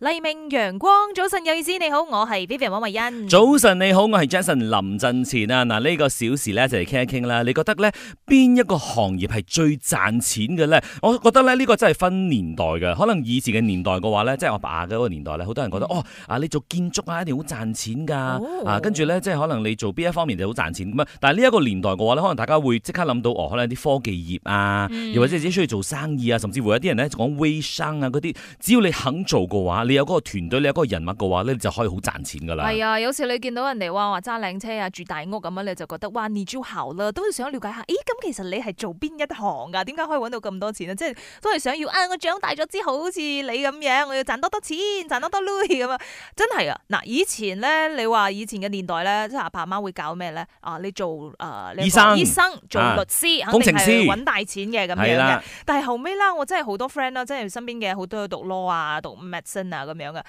黎明陽光，早晨有意思，你好，我係 Vivian 黃慧欣。早晨你好，我係 Jason 林振前啊。嗱、這、呢個小時咧就嚟傾一傾啦。你覺得咧邊一個行業係最賺錢嘅咧？我覺得咧呢、這個真係分年代嘅。可能以前嘅年代嘅話咧，即係我爸嘅嗰個年代咧，好多人覺得哦啊，你做建築啊一定好賺錢噶、哦、啊。跟住咧即係可能你做邊一方面就好賺錢咁啊。但係呢一個年代嘅話咧，可能大家會即刻諗到哦，可能啲科技業啊，又、嗯、或者自己出去做生意啊，甚至乎有啲人咧講微商啊嗰啲，只要你肯做嘅話。你有嗰個團隊，你有嗰個人物嘅話咧，你就可以好賺錢噶啦。係啊，有時你見到人哋話話揸靚車啊，住大屋咁樣，你就覺得哇，你好姣啦，都會想了解一下。咦、欸，咁其實你係做邊一行噶？點解可以揾到咁多錢啊？即係都係想要啊！我長大咗之後，好似你咁樣，我要賺多多錢，賺多多攞咁啊！真係啊，嗱，以前咧，你話以前嘅年代咧，即係阿爸阿媽會搞咩咧？啊，你做誒、呃、醫生，醫生做律師，啊、肯定係揾大錢嘅咁樣嘅。的但係後尾啦，我真係好多 friend 啦，即係身邊嘅好多讀 law 啊，讀 medicine 啊。啊咁樣噶，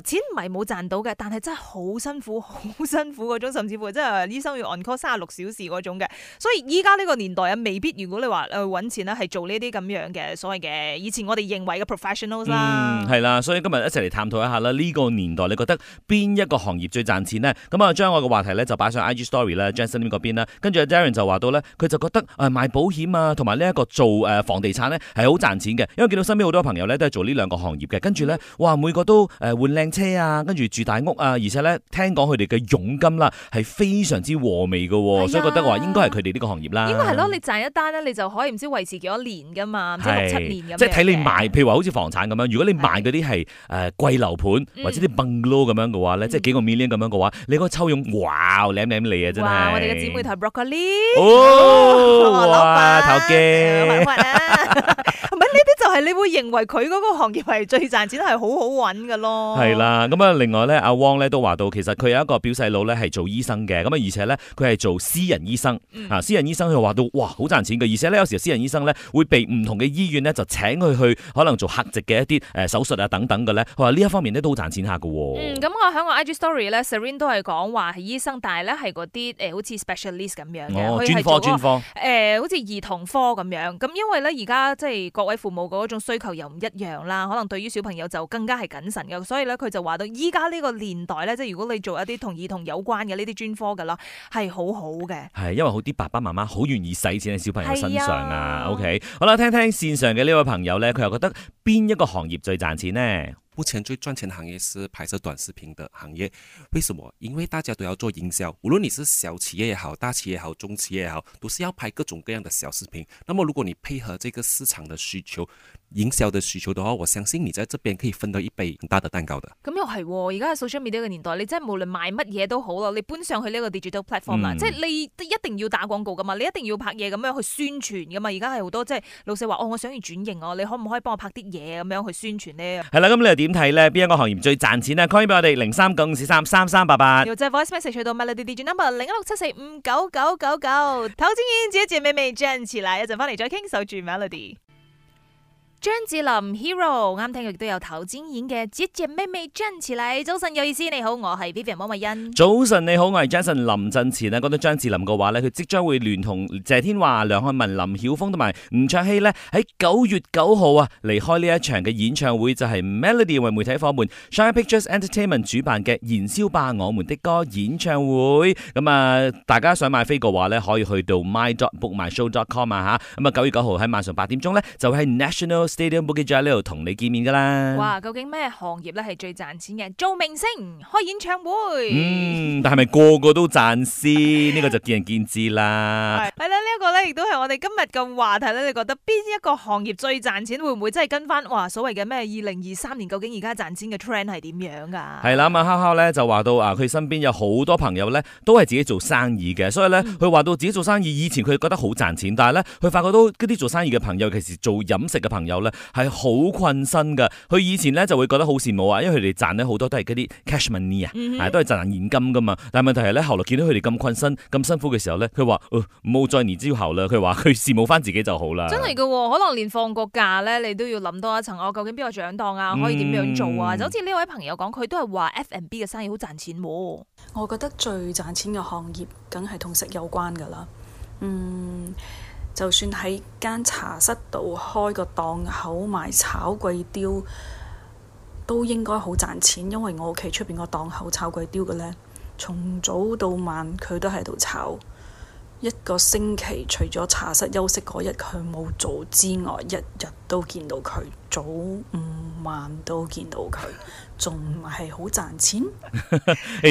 誒，錢唔係冇賺到嘅，但係真係好辛苦，好辛苦嗰種，甚至乎真係醫生要 on call 三十六小時嗰種嘅。所以依家呢個年代啊，未必如果你話誒搵錢咧，係做呢啲咁樣嘅所謂嘅。以前我哋認為嘅 professionals 啦，係啦、嗯。所以今日一齊嚟探討一下啦。呢、這個年代你覺得邊一個行業最賺錢呢？咁啊，將我嘅話題咧就擺上 IG story 啦，Jasmin 嗰邊啦。跟住 Darren 就話到咧，佢就覺得誒買保險啊，同埋呢一個做誒房地產咧係好賺錢嘅，因為見到身邊好多朋友咧都係做呢兩個行業嘅。跟住咧，哇！.每個都誒換靚車啊，跟住住大屋啊，而且咧聽講佢哋嘅佣金啦係非常之和味嘅，所以覺得話應該係佢哋呢個行業啦。應該係咯，你賺一單咧，你就可以唔知維持幾多年噶嘛，即係六七年咁。即係睇你賣，譬如話好似房產咁樣，如果你賣嗰啲係誒貴樓盤或者啲 bungalow 咁樣嘅話咧，即係幾個 million 咁樣嘅話，你個抽佣哇，舐舐脷啊真係。我哋嘅姊妹頭 Broccoli。哦，蘿蔔頭。呢啲就係你會認為佢嗰個行業係最賺錢的，係好好搵噶咯？係啦，咁啊，另外咧，阿汪咧都話到，其實佢有一個表細佬咧係做醫生嘅，咁啊，而且咧佢係做私人醫生，啊、嗯，私人醫生佢話到，哇，好賺錢嘅，而且咧有時私人醫生咧會被唔同嘅醫院咧就請佢去可能做客席嘅一啲誒手術啊等等嘅咧，佢話呢一方面咧都好賺錢下噶。嗯，咁我喺我的 IG story 咧，Serene 都係講話係醫生，但係咧係嗰啲誒好似 specialist 咁樣嘅，哦，專科專科，誒、呃，好似兒童科咁樣，咁因為咧而家即係各位。父母嗰一種需求又唔一樣啦，可能對於小朋友就更加係謹慎嘅，所以咧佢就話到，依家呢個年代咧，即係如果你做一啲同兒童有關嘅呢啲專科嘅咯，係好好嘅。係因為好啲爸爸媽媽好願意使錢喺小朋友身上啊。呀 OK，好啦，聽聽線上嘅呢位朋友咧，佢又覺得邊一個行業最賺錢呢？目前最賺錢的行業是拍攝短視頻的行業，為什麼？因為大家都要做營銷，無論你是小企業也好，大企業也好，中企業也好，都是要拍各種各樣的小視頻。那麼，如果你配合這個市場的需求。影銷的需求的，我相信你在這邊可以分到一杯很大的蛋糕的。咁又係，而家係 social media 嘅年代，你真係無論賣乜嘢都好咯，你搬上去呢個 digital platform 即係你一定要打廣告噶嘛，你一定要拍嘢咁樣去宣傳噶嘛。而家係好多即係老細話哦，我想要轉型哦、啊，你可唔可以幫我拍啲嘢咁樣去宣傳呢？係啦，咁、嗯、你又點睇呢？邊一個行業最賺錢呢？c a l 俾我哋零三九五四三三三八八，又借 voice message 取到 Melody D D G number 零一六七四五九九九九，淘金姐姐妹妹站起來，一陣翻嚟再傾，手住 Melody。張智霖 Hero 啱聽，亦都有頭尖演嘅姐姐妹妹張馳禮，早晨有意思你好，我係 Vivian 摩米欣。早晨你好，我係 Jason 林振前啦。講到張智霖嘅話咧，佢即將會聯同謝天華、梁漢文、林曉峰同埋吳卓羲咧，喺九月九號啊，離開呢一場嘅演唱會，就係 Melody 為媒體伙伴，Shine Pictures Entertainment 主辦嘅燃燒吧我們的歌演唱會。咁啊，大家想買飛嘅話咧，可以去到 my.bookmyshow.com 啊吓。咁啊，九月九號喺晚上八點鐘咧，就喺 National。stadium budget 就喺呢度同你見面噶啦，哇！究竟咩行業咧係最賺錢嘅？做明星開演唱會，嗯，但係咪個個都賺先？呢 個就見仁見智啦。 係，係啦。這個呢一個咧，亦都係我哋今日嘅話題咧。你覺得邊一個行業最賺錢？會唔會真係跟翻？哇，所謂嘅咩二零二三年，究竟而家賺錢嘅 trend 係點樣噶？係啦，咁啊，敲敲咧就話到啊，佢身邊有好多朋友咧，都係自己做生意嘅。所以咧，佢話到自己做生意，以前佢覺得好賺錢，但係咧，佢發覺到嗰啲做生意嘅朋友，其實做飲食嘅朋友咧，係好困身噶。佢以前咧就會覺得好羨慕啊，因為佢哋賺咧好多都係嗰啲 cash money 啊、mm，hmm。都係賺現金噶嘛。但係問題係咧，後來見到佢哋咁困身咁辛苦嘅時候咧，佢話冇再年。之後咧，佢話佢羨慕返自己就好啦。真係嘅，可能連放個假呢，你都要諗多一層。我究竟邊個掌檔啊？我可以點樣做啊？嗯，就好似呢位朋友講，佢都係話 F&B 嘅生意好賺錢。我覺得最賺錢嘅行業，梗係同食有關噶啦。嗯，就算喺間茶室度開個檔口賣炒貴雕，都應該好賺錢。因為我屋企出面個檔口炒貴雕嘅呢，從早到晚佢都喺度炒。一個星期除咗茶室休息嗰日佢冇做之外，日日都見到佢，早午晚都見到佢，仲唔係好賺錢。誒，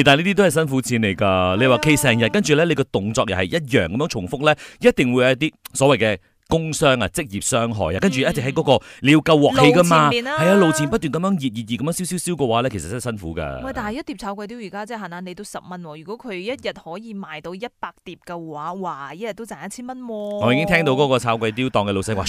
但係呢啲都係辛苦錢嚟㗎。你話企成日，跟住呢，你個動作又係一樣咁樣重複呢，一定會有一啲所謂嘅。工傷啊，職業傷害啊，跟住一直喺嗰、那個、嗯、你要夠鑊氣噶嘛，係啊，啊，路前不斷咁樣熱熱熱咁樣燒燒燒嘅話咧，其實真係辛苦噶。喂，但係一碟炒鬼雕而家即係閒閒你都十蚊，如果佢一日可以賣到一百碟嘅話，哇，一日都賺一千蚊。我已經聽到嗰個炒鬼雕檔嘅老細話。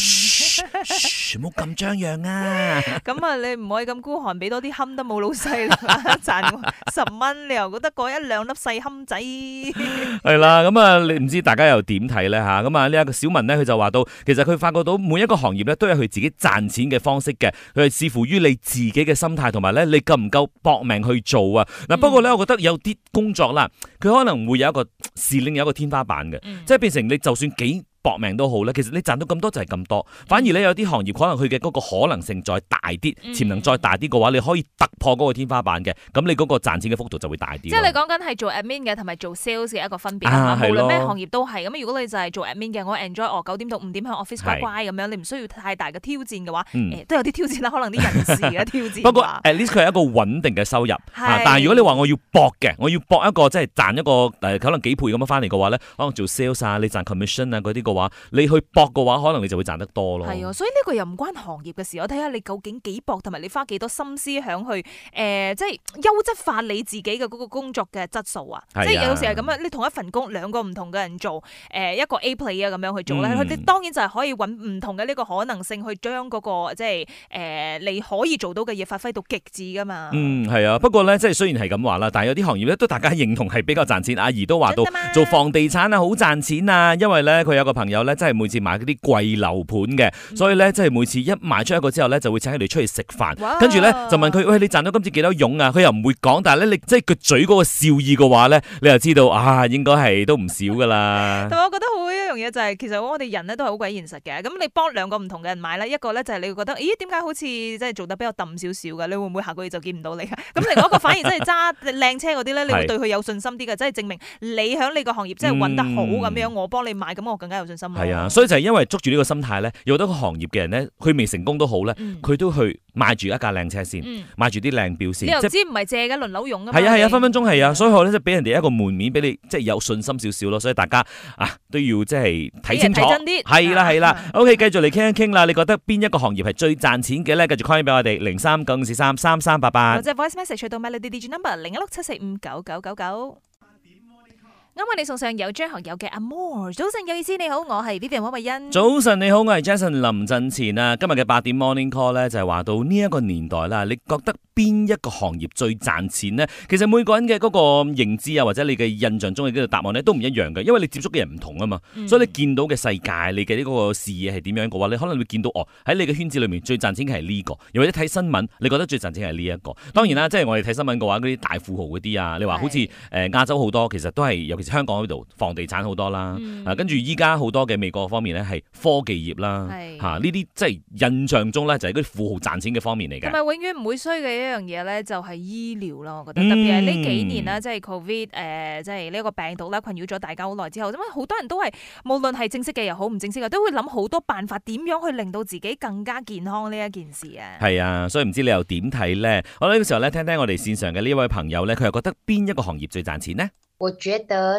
全部咁張揚啊！咁啊，你唔可以咁孤寒，俾多啲冚都冇老細啦，賺 十蚊，你又覺得過一兩粒細冚仔？係 啦，咁、嗯、啊，你唔知道大家又點睇咧吓？咁啊，呢、這、一個小文咧，佢就話到，其實佢發覺到每一個行業咧，都有佢自己賺錢嘅方式嘅，佢係視乎於你自己嘅心態，同埋咧，你夠唔夠搏命去做啊？嗱、嗯，不過咧，我覺得有啲工作啦，佢可能會有一個市另有一個天花板嘅，嗯、即係變成你就算幾搏命都好咧，其實你賺到咁多就係咁多，反而呢，有啲行業可能佢嘅嗰個可能性再大啲，潛、嗯、能再大啲嘅話，你可以突破嗰個天花板嘅，咁你嗰個賺錢嘅幅度就會大啲。即係你講緊係做 admin 嘅同埋做 sales 嘅一個分別啊，無論咩行業都係咁。啊啊、如果你就係做 admin 嘅，我 enjoy 我九點到五點喺 office w o 咁是樣，nearby，你唔需要太大嘅挑戰嘅話、嗯欸，都有啲挑戰啦，可能啲人事嘅挑戰。 不過 at least 佢係一個穩定嘅收入，是啊、但係如果你話我要搏嘅，我要搏一個即係賺一個可能幾倍咁樣翻嚟嘅話咧，可能做 sales 啊，你賺 commission 啊啲。嘅話，你去搏嘅話，可能你就會賺得多咯。係啊，所以呢個又唔關行業嘅事。我睇下你究竟幾搏，同埋你花幾多心思想去誒、呃，即係優質化你自己嘅嗰個工作嘅質素啊。啊即係有時係咁啊，你同一份工兩個唔同嘅人做，誒、呃、一個 A player 啊咁樣去做咧，你、嗯、當然就係可以揾唔同嘅呢個可能性去將嗰、那個即係誒、呃、你可以做到嘅嘢發揮到極致噶嘛。嗯，係啊。不過咧，即係雖然係咁話啦，但係有啲行業咧都大家認同係比較賺錢。阿姨都話到做房地產啊，好賺錢啊，因為咧佢有一個朋友咧，真係每次買嗰啲貴樓盤嘅，所以咧，真係每次一買出一個之後咧，就會請佢哋出去食飯，跟住咧就問佢，喂，你賺咗今次幾多傭啊？佢又唔會講，但係咧，你即係個嘴嗰個笑意嘅話咧，你又知道啊，應該係都唔少噶啦。 但係我覺得好一樣嘢就係、是，其實我哋人咧都係好鬼現實嘅。咁你幫兩個唔同嘅人買咧，一個咧就係你會覺得，咦，點解好似即係做得比較揼少少嘅？你會唔會下個月就見唔到你啊？咁另外一個反而真係揸靚車嗰啲咧， 你會對佢有信心啲嘅，即、就、係、是、證明你喺你個行業即係揾得好咁樣，嗯、我幫你買，咁我更加又。係啊，所以就係因為捉住呢個心態咧，有多個行業嘅人咧，佢未成功都好咧，佢都去買住一架靚車先，買住啲靚表先。你又知唔係借嘅，輪流用嘅。係啊係啊，分分鐘係啊，所以話咧，即係俾人哋一個門面，俾你即係有信心少少咯。所以大家啊，都要即係睇清楚。係啦係啦，OK，繼續嚟傾一傾啦。你覺得邊一個行業係最賺錢嘅咧？繼續 call 翻俾我哋零三九四三三三八八。或者 voice message 到 my lady digit number 零一六七四五九九九九。因為你送上有張學友嘅《Amour》，早晨有意思你好，我係 Vivian 黃慧欣。早晨你好，我係 Jason 林振前啊。今日嘅八點 Morning Call 咧，就係話到呢一個年代啦。你覺得邊一個行業最賺錢呢？其實每個人嘅嗰個認知啊，或者你嘅印象中嘅個答案咧，都唔一樣嘅。因為你接觸嘅人唔同啊嘛，嗯、所以你見到嘅世界，你嘅呢個視野係點樣嘅話，你可能會見到哦。喺你嘅圈子裏面最賺錢嘅係呢個，又或者睇新聞你覺得最賺錢係呢一個。當然啦，嗯、即係我哋睇新聞嘅話，嗰啲大富豪嗰啲啊，你話好似誒亞洲好多，其實都係香港呢度，房地產好多啦。嗯、啊，跟住依家好多嘅美國方面咧，係科技業啦。係嚇呢啲即係印象中咧，就係嗰啲富豪賺錢嘅方面嚟嘅。同埋永遠唔會衰嘅一樣嘢咧，就係、是、醫療咯。我覺得、嗯、特別係呢幾年啦，即、就、係、是、Covid 即、呃、係呢、就是、個病毒啦，困擾咗大家好耐之後，因好多人都係無論係正式嘅又好唔正式嘅，都會諗好多辦法點樣去令到自己更加健康呢一件事啊。係啊，所以唔知你又點睇咧？我呢個時候咧，聽聽我哋線上嘅呢位朋友咧，佢又覺得邊一個行業最賺錢呢？我覺得。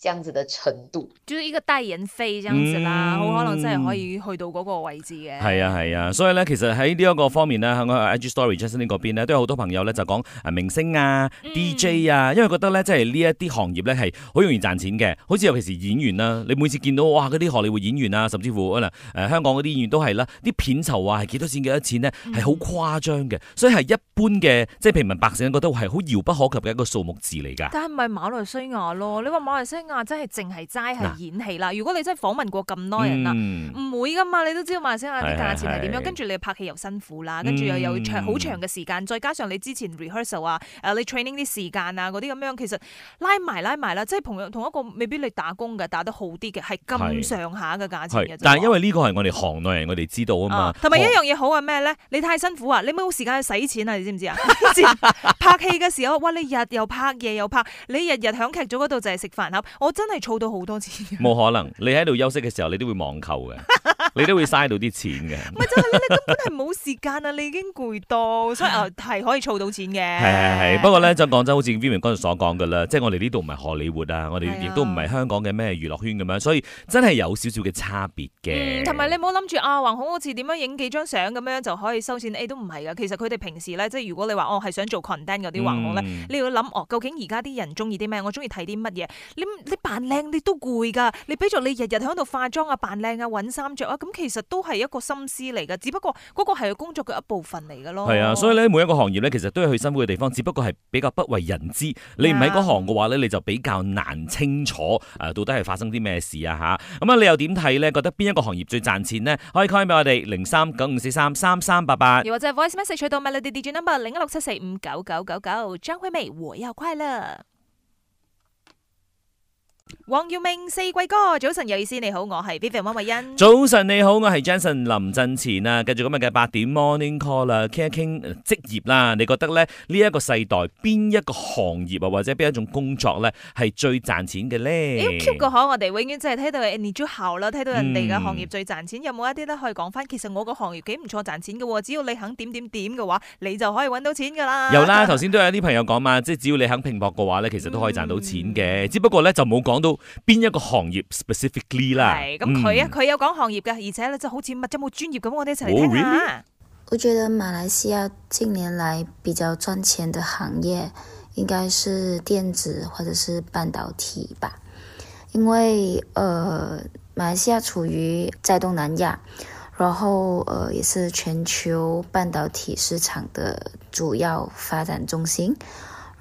這樣子的程度，就係一個代言費，這樣子啦、嗯，好可能真係可以去到嗰個位置嘅、啊。係啊係啊，所以咧，其實喺呢一個方面咧，喺我喺 IG Story Justin 嗰邊咧，都有好多朋友咧就講誒明星啊、嗯、DJ 啊，因為覺得咧，即係呢一啲行業咧係好容易賺錢嘅。好似尤其是演員啦，你每次見到哇，嗰啲荷里活演員啊，甚至乎可能誒、呃、香港嗰啲演員都係啦，啲片酬啊係幾多錢幾多錢呢？係好誇張嘅，所以係一般嘅，即係平民百姓覺得係好遙不可及嘅一個數目字嚟噶。但係咪馬來西亞咯？你話馬來西亞？啊、真係淨係齋係演戲啦。啊、如果你真係訪問過咁多人啦，唔、嗯、會噶嘛。你都知道馬星啊啲價錢係點樣。跟住你拍戲又辛苦啦，跟住、嗯、又有長好、嗯、長嘅時間，再加上你之前 rehearsal 啊，誒、啊、你 training 啲時間啊嗰啲咁樣，其實拉埋拉埋啦。即係同同一個未必你打工嘅打得好啲嘅，係咁上下嘅價錢是是說但係因為呢個係我哋行內人，我哋知道啊嘛。同埋、啊、哇一樣嘢好係咩咧？你太辛苦啊，你冇時間去使錢啊，你知唔知啊？ 拍戲嘅時候，哇！你日又拍，夜又拍，你日日響劇組嗰度就係食飯盒。我真係儲到好多錢。冇可能，你喺度休息嘅時候，你都會網購嘅。你都會嘥到啲錢嘅，唔係就係啦！你根本係冇時間啊！你已經攰到， 所以啊係可以儲到錢嘅。係係係，不過咧，就講真好似 Vivian 剛才所講嘅啦，即係我哋呢度唔係荷里活啊，我哋亦都唔係香港嘅咩娛樂圈咁、啊、樣，是啊、所以真係有少少嘅差別嘅、嗯。同埋你唔好諗住啊，橫行好似點樣影幾張相咁樣就可以收錢，誒、哎、都唔係噶。其實佢哋平時咧，即係如果你話我係想做 content 嗰啲橫行咧，你要諗哦，究竟而家啲人中意啲咩？我中意睇啲乜嘢？你你扮靚你都攰㗎，你比作你日日喺度化妝啊、扮靚啊、揾衫着。咁其實都係一個心思嚟噶，只不過嗰個係工作嘅一部分嚟噶咯。係啊，所以咧，每一個行業咧，其實都係去辛苦嘅地方，只不過係比較不為人知。你唔喺嗰行嘅話咧，你就比較難清楚誒、啊，到底係發生啲咩事啊？吓，咁啊，你又點睇咧？覺得邊一個行業最賺錢咧？可以 call 俾我哋零三九五四三三三八八，又或者 voice message 取到 Melody digital number 零一六七四五九九九九。張惠妹，我要快樂。黃耀明四季歌，早晨有意思，你好，我係 Vivian 汪慧欣。早晨你好，我係 Jenson 林振前啊，繼續今日嘅八點 Morning Call 啦，傾一傾職、呃、業啦，你覺得咧呢一、呢個世代邊一個行業啊，或者邊一種工作咧係最賺錢嘅咧？要 keep 個口，我哋永遠就係睇到，欸、你看到人哋最姣啦，睇到人哋嘅行業最賺錢，嗯、有冇一啲咧可以講翻？其實我個行業幾唔錯，賺錢嘅，只要你肯點點點嘅話，你就可以搵到錢噶啦。有啦，頭先都有啲朋友講嘛，即係只要你肯拼搏嘅話咧，其實都可以賺到錢嘅，嗯、只不過咧就冇講。講到邊一個行業 specifically 啦，咁佢啊佢有講行業嘅，而且咧就好似乜冇專業咁，我哋一齊嚟聽下。我覺得馬來西亞近年來比較賺錢嘅行業應該是電子或者是半導體吧，因為，呃，馬來西亞處於在東南亞，然後，呃，也是全球半導體市場的主要發展中心。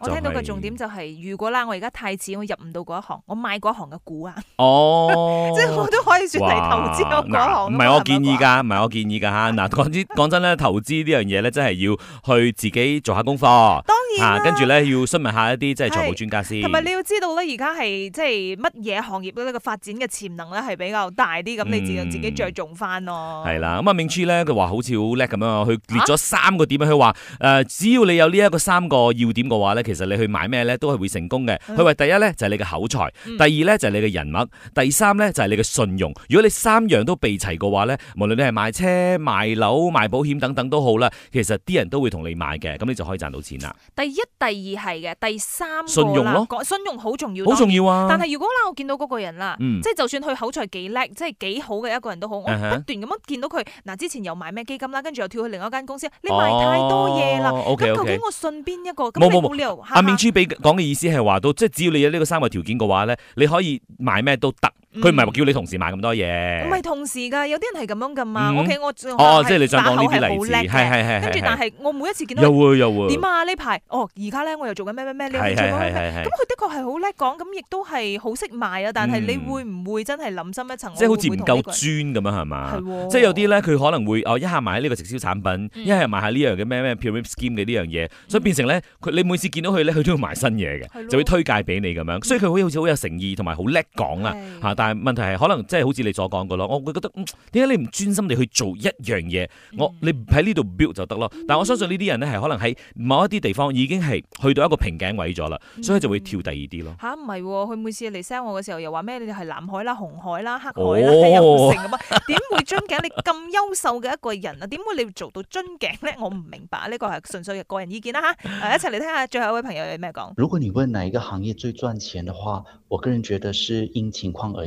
我聽到個重點就係、是，就是、如果啦，我而家太遲，我入唔到嗰一行，我買嗰行嘅股啊！哦， 即係我都可以算係投資嗰行。唔係哇我建議㗎，唔係我建議㗎嚇。嗱講啲講真咧，投資呢樣嘢咧，真係要去自己做下功課。當然跟住咧要詢問一下一啲即係財務專家先。同埋你要知道咧，而家係即係乜嘢行業咧個發展嘅潛能咧係比較大啲，咁、嗯、你自己着重翻咯。係啦，咁啊，的明珠咧佢話好似好叻咁樣，佢列咗三個點啊。佢話誒，只要你有呢一個三個要點嘅話咧。其實你去買咩咧，都係會成功嘅。佢話第一咧就係你嘅口才，嗯、第二咧就係你嘅人脈，第三咧就係你嘅信用。如果你三樣都備齊嘅話咧，無論你係賣車、賣樓、賣保險等等都好啦。其實啲人都會同你買嘅，咁你就可以賺到錢啦。第一、第二係嘅，第三信用咯，信用好重要，好重要啊。但係如果啦，我見到嗰個人啦、嗯，即係就算佢口才幾叻，即係幾好嘅一個人都好，我不斷咁樣見到佢嗱，uh huh. 之前又賣咩基金啦，跟住又跳去另一間公司，你賣太多嘢啦，咁究竟我信邊一個？咁你冇理由。阿 明珠俾講嘅意思係話到，即係只要你有呢個三個條件嘅話咧，你可以買咩都得。佢唔係話叫你同時買咁多嘢，唔係同時噶，有啲人係咁樣噶嘛。OK，我哦，即係你想講呢啲例子，係係係。跟住但係我每一次見到又會又會點啊？呢排哦，而家咧我又做緊咩咩咩，你又做緊咩咩？咁佢的確係好叻講，咁亦都係好識賣啊。但係你會唔會真係諗深一層？即係好似唔夠專咁啊？係嘛？係喎。即係有啲咧，佢可能會哦，一下賣呢個直銷產品，一係賣下呢樣嘅咩咩 p r e Skin 嘅呢樣嘢，所以變成咧，佢你每次見到佢咧，佢都要賣新嘢嘅，就會推介俾你咁樣。所以佢好似好有誠意，同埋好叻講啦，但係問題係可能即係好似你所講嘅咯，我會覺得點解你唔專心地去做一樣嘢？我你喺呢度 build 就得咯。但係我相信呢啲人呢，係可能喺某一啲地方已經係去到一個瓶頸位咗啦，所以就會跳第二啲咯。吓、嗯，唔係喎，佢、哦、每次嚟 send 我嘅時候又話咩？你哋係南海啦、紅海啦、黑海啦，又唔、哦、成咁啊？點會樽頸？你咁優秀嘅一個人啊，點會你做到樽頸呢？我唔明白呢、呢個係純粹嘅個人意見啦、啊、吓、啊，一齊嚟聽下最後一位朋友有咩講。如果你問哪一個行業最賺錢嘅話，我個人覺得是因情況而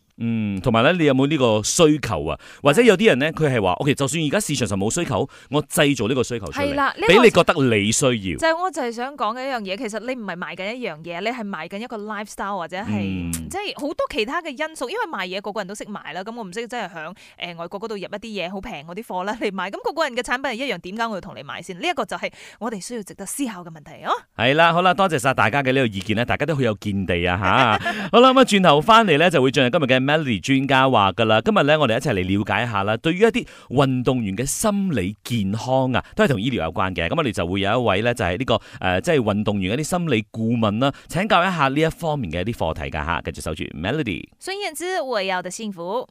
嗯，同埋咧，你有冇呢個需求啊？或者有啲人咧，佢係話，OK，就算而家市場上冇需求，我製造呢個需求出嚟，俾你覺得你需要。就係我就係想講嘅一樣嘢，其實你唔係賣緊一樣嘢，你係賣緊一個 lifestyle 或者係即係好多其他嘅因素。因為賣嘢個個人都識賣啦，咁我唔識真係響誒外國嗰度入一啲嘢好平嗰啲貨啦嚟賣。咁個個人嘅產品係一樣，點解我要同你買先？呢一個就係我哋需要值得思考嘅問題。係啦，好啦，多謝晒大家嘅呢個意見咧，大家都好有見地啊吓。好啦，咁啊轉頭翻嚟咧，就會進入今日嘅。Melody 專家話噶啦，今日咧我哋一齊嚟了解一下啦，對於一啲運動員嘅心理健康啊，都係同醫療有關嘅，咁我哋就會有一位咧就係、是、呢、這個誒，即係運動員一啲心理顧問啦、啊，請教一下呢一方面嘅一啲課題噶吓，繼續守住 Melody，孫燕姿我要的幸福。